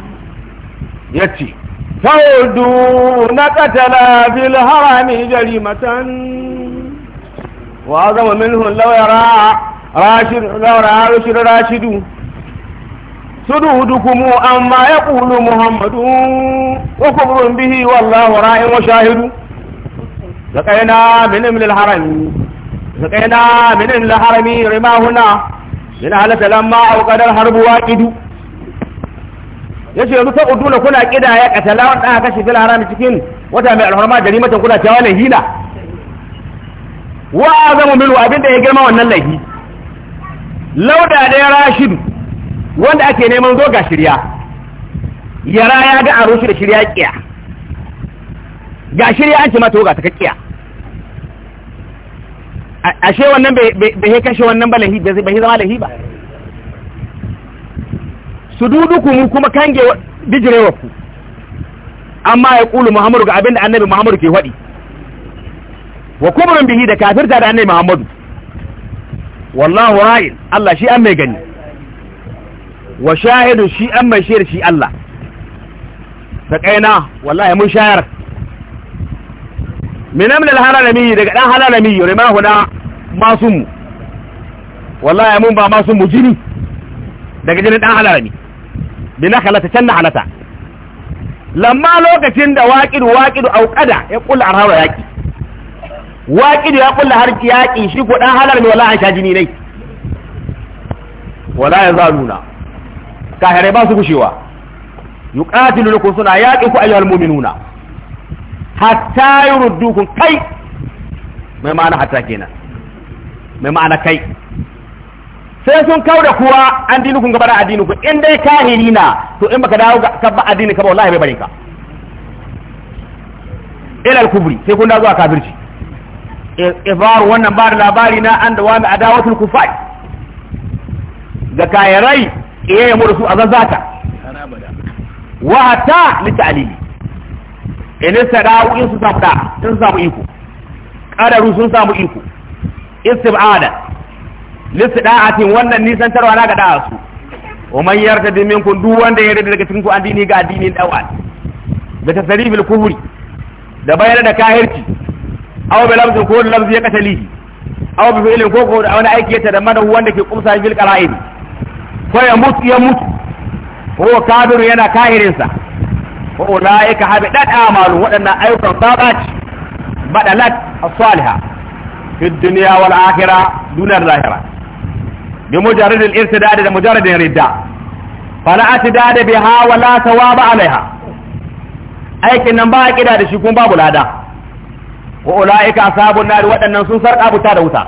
ياتي فولدون قتلا في الهرم جريمة وعظم منه لو يرى راشد لو رأى راشد راشدون صدودكم أما يقول محمد وكفر به والله راع وشاهد لقينا من امل الحرم لقينا من امل الحرم رما هنا من أهلك لما أوقد الحرب واقد yace yanzu ta uduna kuna kidaya katalawan da kashi fil haram cikin wata mai alhurma jarimatan kuna cewa lahina wa azamu bil abinda ya girma wannan lahi lauda da rashidu wanda ake neman zo ga shirya yara ya ga aro shi da shirya kiya ga shirya an ce mata ga ta kakkiya ashe wannan bai kashe wannan ba lahi bai zama lahi ba su dudu kuma kuma kange bijirewa ku amma ya kulu muhammadu ga abinda annabi muhammadu ke waɗi wa kuma bihi da kafirta da annabi muhammadu wallahu ra'il allah shi an mai gani wa shahidu shi an mai shayar shi Allah ta kaina wallahi mun shayar min amlal halalami daga dan halalami ma huna masum wallahi mun ba masum mu jini daga jinin dan halalami bina halata can na halata lamma lokacin da waƙidu waƙidu auƙada ya ƙulla arhawa yaƙi waƙidu ya ƙulla har yaƙi shi ko ɗan halar ne wala an sha jini nai wala ya za nuna kahirai ba su gushewa yuqatilukum suna yaqiku ayyuhal mu'minuna hatta yuruddukum kai mai ma'ana hatta kenan mai ma'ana kai sai sun kau da kuwa an dini kun gabar addini ku in dai kahiri na to in baka dawo ka ba addini ka ba wallahi bai bari ka ilal kubri sai kun dawo zuwa kafirci ibar e, e wannan ba da labari na an da wami adawatul kufai ga kayarai kiyaye yi mura su a zazzata wa ta li ta'lili in sadau in su samu da sun samu iko qadaru sun samu iko istibada li sadaatin wannan nisan tarwa na ga da su wa man yartadi minkum duk wanda ya yarda daga cikin ku addini ga addinin dawa da tasribil kufri da bayar da kahirci aw bi lamzin ko lamzi ya katalihi aw bi fi'lin ko ko da wani aiki ya tadammana wanda ke kumsa bil qara'ib fa ya mutu ya mutu huwa kafiru yana kahirinsa wa ulaika habidat amalu wadannan ayyukan sabaci badalat as-salihah fi dunya wal akhirah duna al-akhirah bi mujarrad al-irtidad da mujarrad al-ridda fala atidad biha wa la thawaba alaiha aikin nan ba a kida da shi kuma babu lada wa ulaika ashabun nar wadannan sun sarka buta da wuta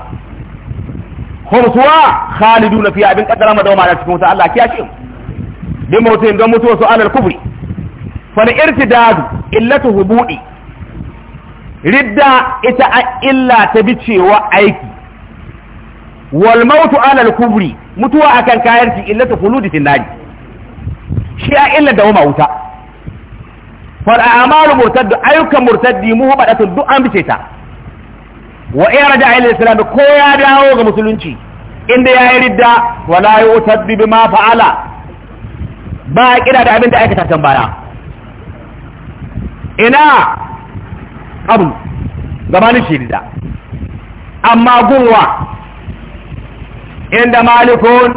hum suwa khaliduna fi abin qaddara madawama da cikin wuta Allah ya ce bi mawtin don mutuwa su alal kubri fal irtidad illatu hubudi ridda ita a illa ta bicewa aiki wal mautu alal kubri mutuwa akan kayarci illatu khuludi fil nar shi a illa da wuta fal a'malu murtaddu ayyukan murtaddi muhbadatun du'an bice ta wa in raja ila islam ko ya dawo ga musulunci inda ya yi ridda wala yutabbi ma fa'ala ba kira da abin da aikata can baya ina abu gabanin shi ridda amma gurwa inda malikun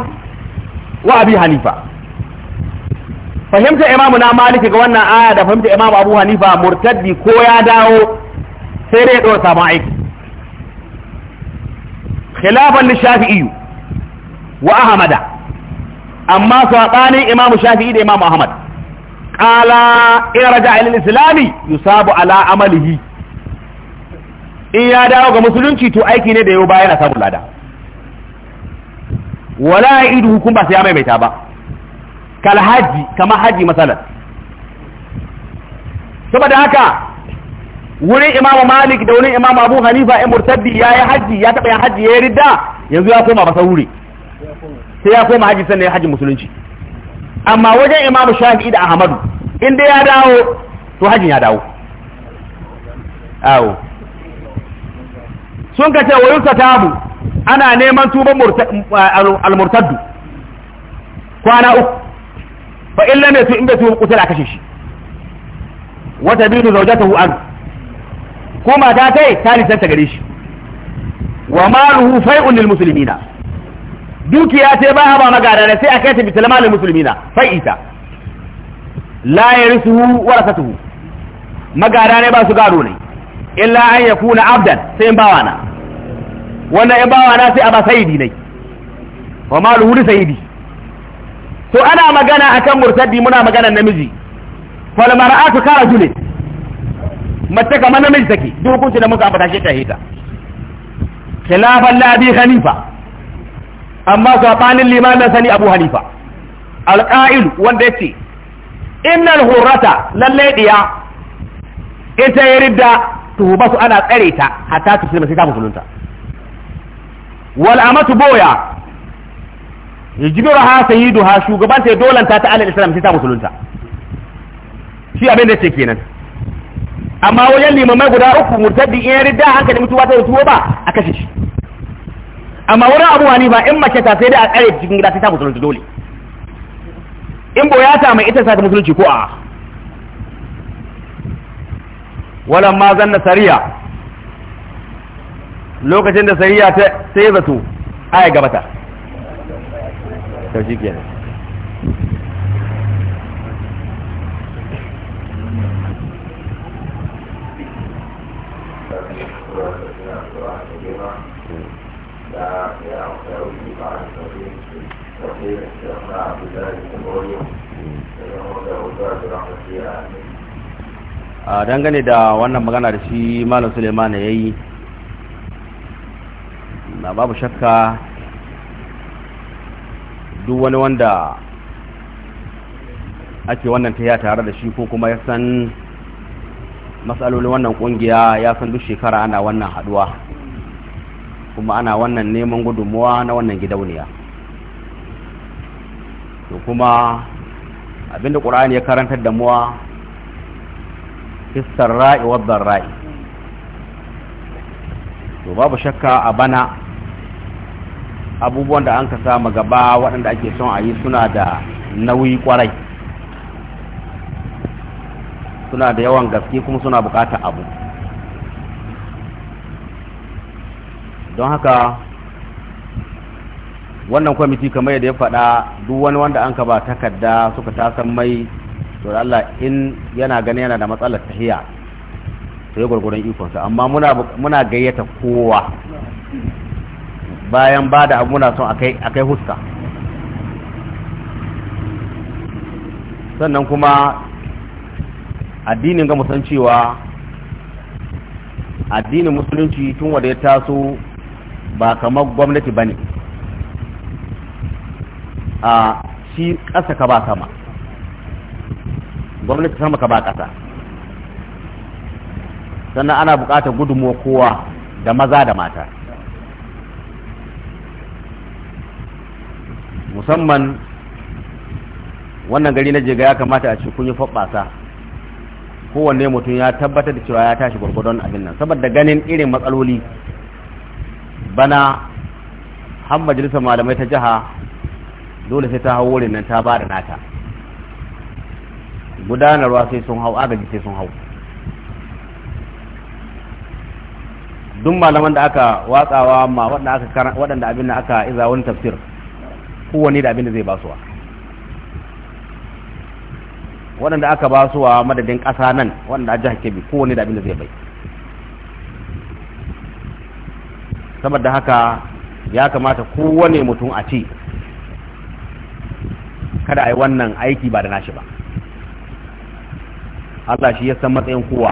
wa abi hanifa fahimta imamu na maliki ga wannan aya da fahimta imamu abu hanifa murtaddi ko ya dawo sai dai ya ma'aiki khilafan lishafi'i wa ahmada amma sabanin imamu shafi'i da imamu ahmad qala in raja'a ila islami yusabu ala amalihi in ya dawo ga musulunci to aiki ne da yau bayan a samu lada wala idu hukum ba sai ya maimaita ba kal haji kama haji masalan saboda haka wurin imamu malik da wurin imamu abu hanifa in murtaddi ya yi hajji ya taɓa yin hajji ya yi ridda yanzu ya koma masa wuri sai ya koma hajji sannan ya hajji musulunci amma wajen imamu shafi'i da ahmadu inda ya dawo to hajjin ya dawo awo sun ce wa yusa tabu ana neman tuba al-murtaddu kwana uku fa illa ne su in bai tuba kusa da kashe shi wata biyu zaujatahu an ko mata ta yi ta nisanta gare shi wa maluhu fai'un lil muslimina dukiya ce ba ba magana ne sai akai ta bitul malil muslimina fai'ita la yarisuhu warasatuhu magana ne ba su gado ne illa an yakuna abdan sai in bawana wannan in bawana sai a ba Sayidi ne wa maluhu li sayyidi to ana magana akan murtaddi muna magana namiji fal mar'atu ka rajulin mace kamar namiji take duk hukunci da muka ambata shi ta hita khilafan la abi hanifa amma sabanin limamin sani abu hanifa alqa'il wanda yace innal hurrata lalle diya ita yarda su ana tsare ta hatta tusulma sai ta musulunta wal amatu boya yajibiraha sayyiduha shugabanta ya dolanta ta alal islam sai ta musulunta shi abin da yake kenan amma wajen limamai guda uku murtaddi in yarda rida hankali mutuwa ta tuwo ba a kashe shi amma wurin abu wani ba in mace ta sai da a tsare cikin gida sai ta musulunci dole in boya ta mai ita sa ta musulunci ko a walan ma zanna sariya lokacin da sariya ta sai zato aya gabata to shi kenan a dangane da wannan magana da shi malam suleiman ya yi na babu shakka duk wani wanda ake wannan ta tare da shi ko kuma ya san matsalolin wannan kungiya ya san duk shekara ana wannan haduwa kuma ana wannan neman gudunmuwa na wannan gidauniya to kuma abinda ƙura'ani ya karantar da muwa fistar ra'i wadda ra'i to babu shakka a bana abubuwan da an ka samu gaba waɗanda ake son a yi suna da nauyi kwarai suna da yawan gaske kuma suna bukatar abu don haka wannan kwamiti kamar yadda ya faɗa duk wani wanda an ka ba takarda suka tasan mai to Allah in yana gani yana da matsalar tahiya to ya ikon ikonsa amma muna muna gayyata kowa bayan ba da abu muna son akai akai huska sannan kuma addinin ga musan cewa addinin musulunci tun wanda ya taso ba kamar gwamnati bane a shi ƙasa ka ba sama gwamnati sama ka ba ƙasa sannan ana buƙatar gudunmuwa kowa da maza da mata musamman wannan gari na jega ya kamata a ce kun yi faɓasa kowanne mutum ya tabbatar da cewa ya tashi gwargwadon abin nan saboda ganin irin matsaloli bana har majalisar malamai ta jiha dole sai ta hau wurin nan ta ba da nata gudanarwa sai sun hau agaji sai sun hau duk malaman da aka watsawa ma waɗanda abin da aka iza wani tafsir kowane da abin da zai basuwa waɗanda aka basuwa madadin ƙasa nan waɗanda a jihar kebbi kowane da abin da zai bai saboda haka ya kamata kowane mutum a ci kada a yi wannan aiki ba da nashi ba Allah shi ya san matsayin kowa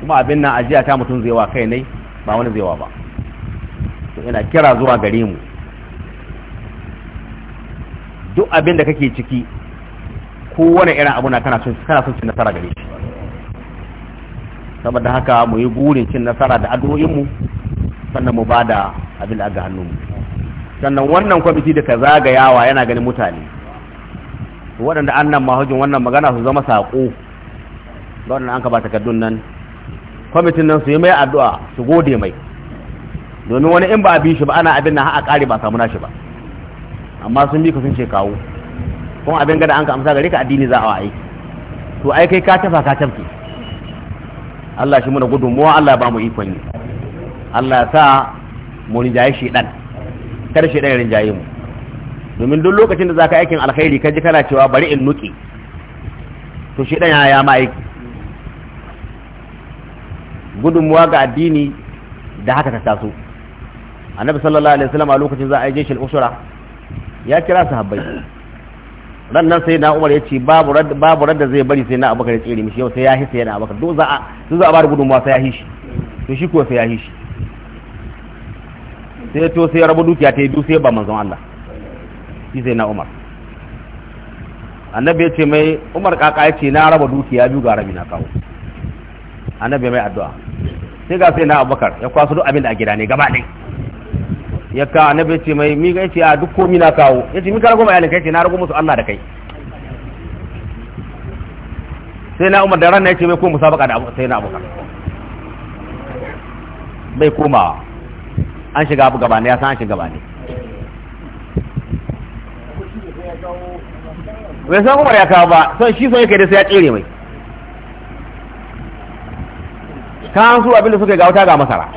kuma abin nan ajiya ta mutum zai wa kai ne ba wani zai wa ba to ina kira zuwa gare mu duk abin da kake ciki ko wani irin abu na kana son kana son cin nasara gare shi saboda haka mu yi burin cin nasara da addu'o'in mu sannan mu bada abin da aka hannu mu sannan wannan kwamiti da ka zagayawa yana ganin mutane waɗanda annan mahajin wannan magana su zama saƙo ga waɗanda an ka ba takardun nan kwamitin nan su yi mai addu'a su gode mai domin wani in ba a bi shi ba ana abin na ha'a ƙari ba samu nashi ba amma sun bi ka sun ce kawo kuma abin gada an ka amsa gare ka addini za a aiki to ai kai ka tafa ka tafke Allah shi muna gudunmuwa Allah ba mu ikon yi Allah ya sa mu rinjaye shi dan kar shi ɗan rinjaye mu domin duk lokacin da zaka aikin alkhairi ka ji kana cewa bari in nuke to shi ɗaya ya ma aiki gudunmuwa ga addini da haka ta taso annabi sallallahu alaihi wasallam a lokacin za a yi jeshin usura ya kira sahabbai ran nan sai na umar ya ce babu babu radda zai bari sai na abubakar ya tsere mishi yau sai ya hisa yana abubakar duk za a duk za a gudunmuwa sai ya hishi to shi kuwa sai ya hishi sai to sai rabu dukiya ta yi duk sai ba manzon Allah shi sai na Umar annabi ya ce mai Umar kaka ya ce na raba dukiya biyu ga rabi na kawo annabi mai addu'a sai ga sai na Abubakar ya kwaso duk abin da a gida ne gaba ɗaya ya ka annabi ya ce mai mi ga ce a duk komi na kawo ya ce mi ka rago mai alin kai ce na rago musu Allah da kai sai na Umar da ran ya ce mai ko musabaka da sai na Abubakar bai komawa an shiga abu gaba ne ya san an shiga gaba ne bai san umar ya kawo ba son shi son yake da sai ya tsere mai kan su abinda suka ga wuta ga masara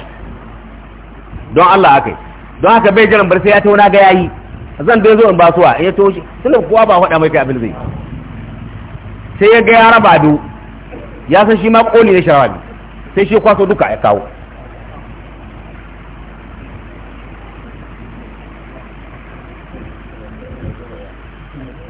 don Allah aka yi don haka bai jiran bar sai ya tauna ga yayi zan dai zo in ba suwa ya toshi tunda kowa ba faɗa mai kai abin zai sai ya ga ya raba du ya san shi ma koli ne sharabi sai shi kwaso duka ya kawo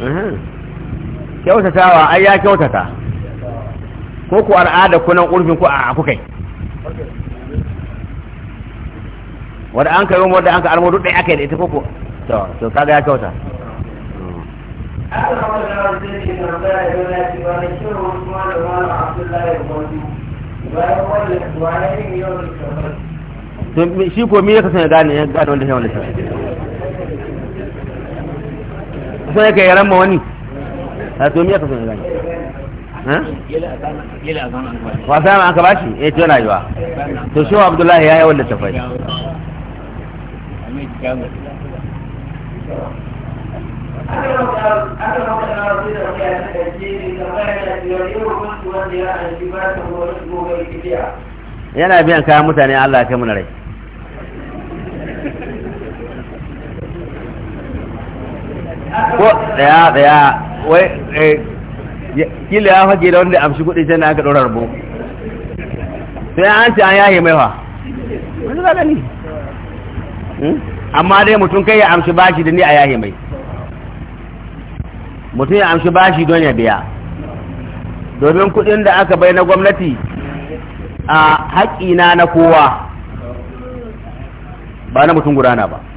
Mhm. kyautatawa ai ya kyautata ko ku al'ada ku nan urfin ku a kukai wanda an kayo wanda an ka almo duk ɗaya aka yi da ita ko ku to to kaga ya kyauta shi ko me ya kasance gane ya gane wanda ya wanda shi kusan yake yaran ma wani a to me kusan so ne gani wasa ma aka bashi eh to rayuwa to shi abdullahi ya yi wanda ta fai yana biyan kayan mutane Allah ya kai mu na rai ko daya daya wai eh, kila ya fage da wanda amshi kuɗi sai na ga ɗora rabo sai an ci an yaye mai fa wani za gani hmm? amma dai mutum kai ya amshi bashi da ni a yaye mai mutum ya amshi bashi don ya biya domin kuɗin da aka bai na gwamnati a haƙina na kowa ba na mutum gudana ba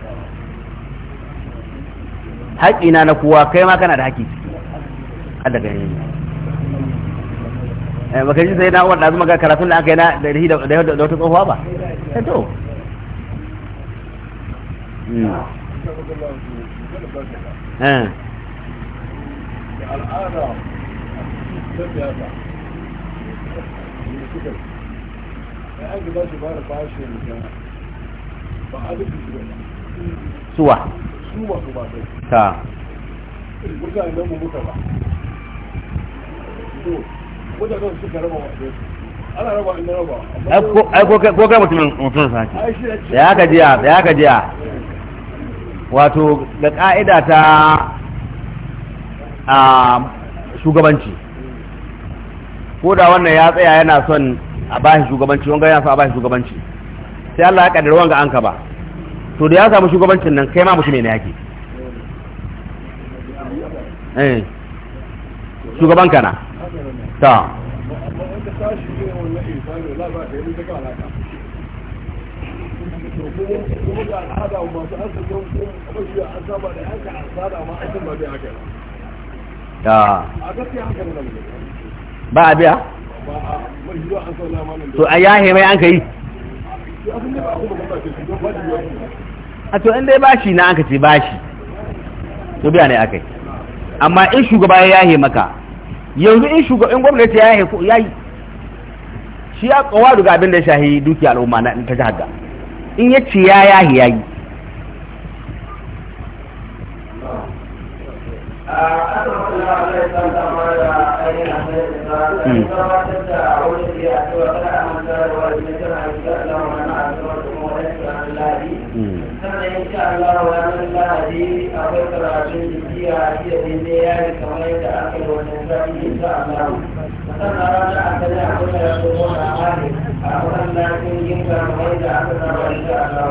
haƙina na kowa kai ma kana da haƙi Allah ga yi eh, baka ji sai na uwar da zuma ga karatun da aka yi na da da da wata tsohuwa ba sai eh, to hmm. eh. suwa su masu ba ta mu muka ba mutanen suka raba ya ka jiya wato ga ka'ida ta a shugabanci ko da wannan ya tsaya yana son a bashi shugabanci wanga yana son a bashi shugabanci sai Allah ya kaddara wanga an ka ba to da ya samu shugabancin nan kai ma mutum ne yake eh shugaban kana ta ba a biya? to a yahe mai an ka yi a to in dai bashi na aka ce bashi to biya ne akai amma in shugaba ya yahe maka yanzu in shugaba in gwamnati ya yahe ko yayi shi ya kowa daga abin da shahi dukiya al'umma na ta jihar ga in ya ce ya yahe yayi Mm. hmm, hmm. sannan in sha Allah ranar lahadi akwai karatun jikiya iya daidai ya yi kamar yadda aka yi wannan zafi in sha Allah sannan ranar asali akwai karatun wani amali a wannan lafiyar yin kamar yadda aka saba in sha Allah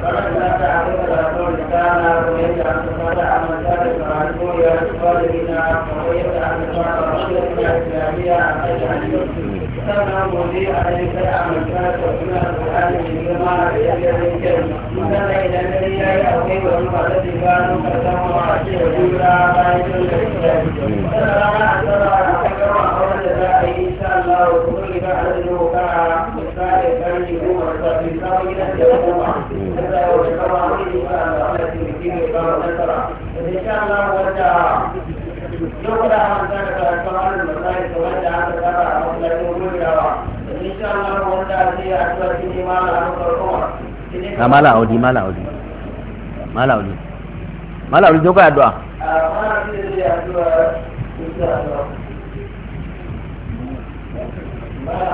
ranar talata akwai karatun risala kamar yadda aka saba a manta da karatun ya su fara gina kamar yadda aka saba a shirin islamiyya a kai da hannun sana mudi a yin kada a manta da suna da tsarin yin zama a yadda zai kyau sana idan dare ya yi akwai wani masu tigano ka zama wa a ce jura bayan sun da kyau sana rana a tsara a kan gama a wanda za a yi insha Allah wa kuma riga a zai roka a misali karni goma da sabi samun gidan da goma da za a wata kama a wani insha Allah a wani tiriki mai kama nasara da insha Allah wata yau da hamsa daga sauran mala Abubakar na mala Audi mala Audi mala Audi mala Audi zo ka addu'a a mala Audi zai addu'a in sha Allah mala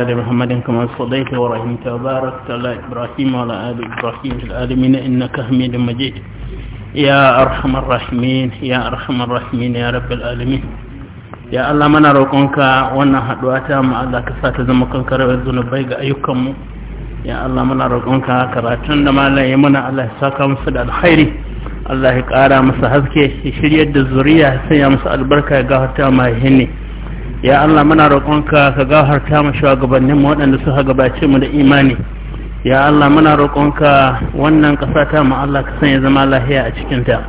آل محمد كما صديت ورحمت وباركت على إبراهيم وعلى آل إبراهيم في العالمين إنك حميد مجيد يا أرحم الراحمين يا أرحم الراحمين يا رب العالمين ya Allah mana roƙonka wannan haɗuwa ta mu Allah ka sa ta zama kankarar zunubai ga ayyukanmu ya Allah mana roƙonka karatun da malam ya mana Allah ya saka musu da alkhairi Allah ya ƙara musu haske ya shiryar da zuriya ya sanya musu albarka ya gafarta ya Allah muna roƙonka ka gafarta mu shugabannin mu waɗanda suka gabace mu da imani ya Allah muna roƙonka wannan ƙasa ta mu Allah ka sanya zama lahiya a cikin ta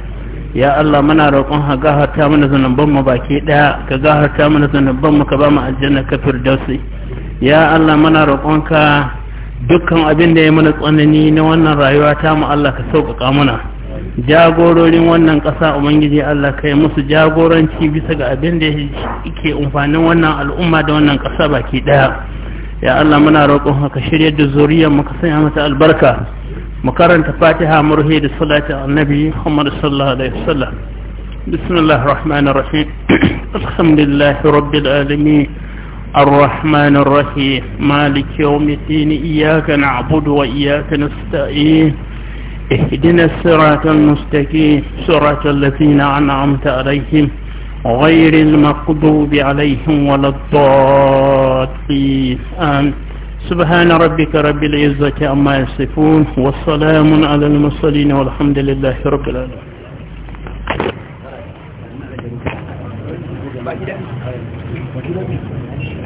ya Allah muna roƙon ka gafarta mana zanuban mu baki ɗaya ka gafarta mana zanuban mu ka ba mu aljanna ka firdausi ya Allah muna roƙonka dukkan abin da ya mana tsanani na wannan rayuwa ta mu Allah ka sauƙaƙa mana jagororin wannan ƙasa ubangiji Allah kai musu jagoranci bisa ga abin da yake umfanin wannan al'umma da wannan ƙasa baki ɗaya ya Allah muna roƙon haka shirya da zuriyar mu ka sanya mata albarka mu karanta Fatiha murhi da salati annabi Muhammad sallallahu alaihi wasallam bismillahir rahmanir rahim alhamdulillahi rabbil alamin الرحمن الرحيم مالك يوم الدين إياك نعبد وإياك نستعين اهدنا الصراط المستقيم صراط الذين أنعمت عليهم غير المقضوب عليهم ولا الضالين آمين سبحان ربك رب العزة عما يصفون والسلام على المرسلين والحمد لله رب العالمين Thank you.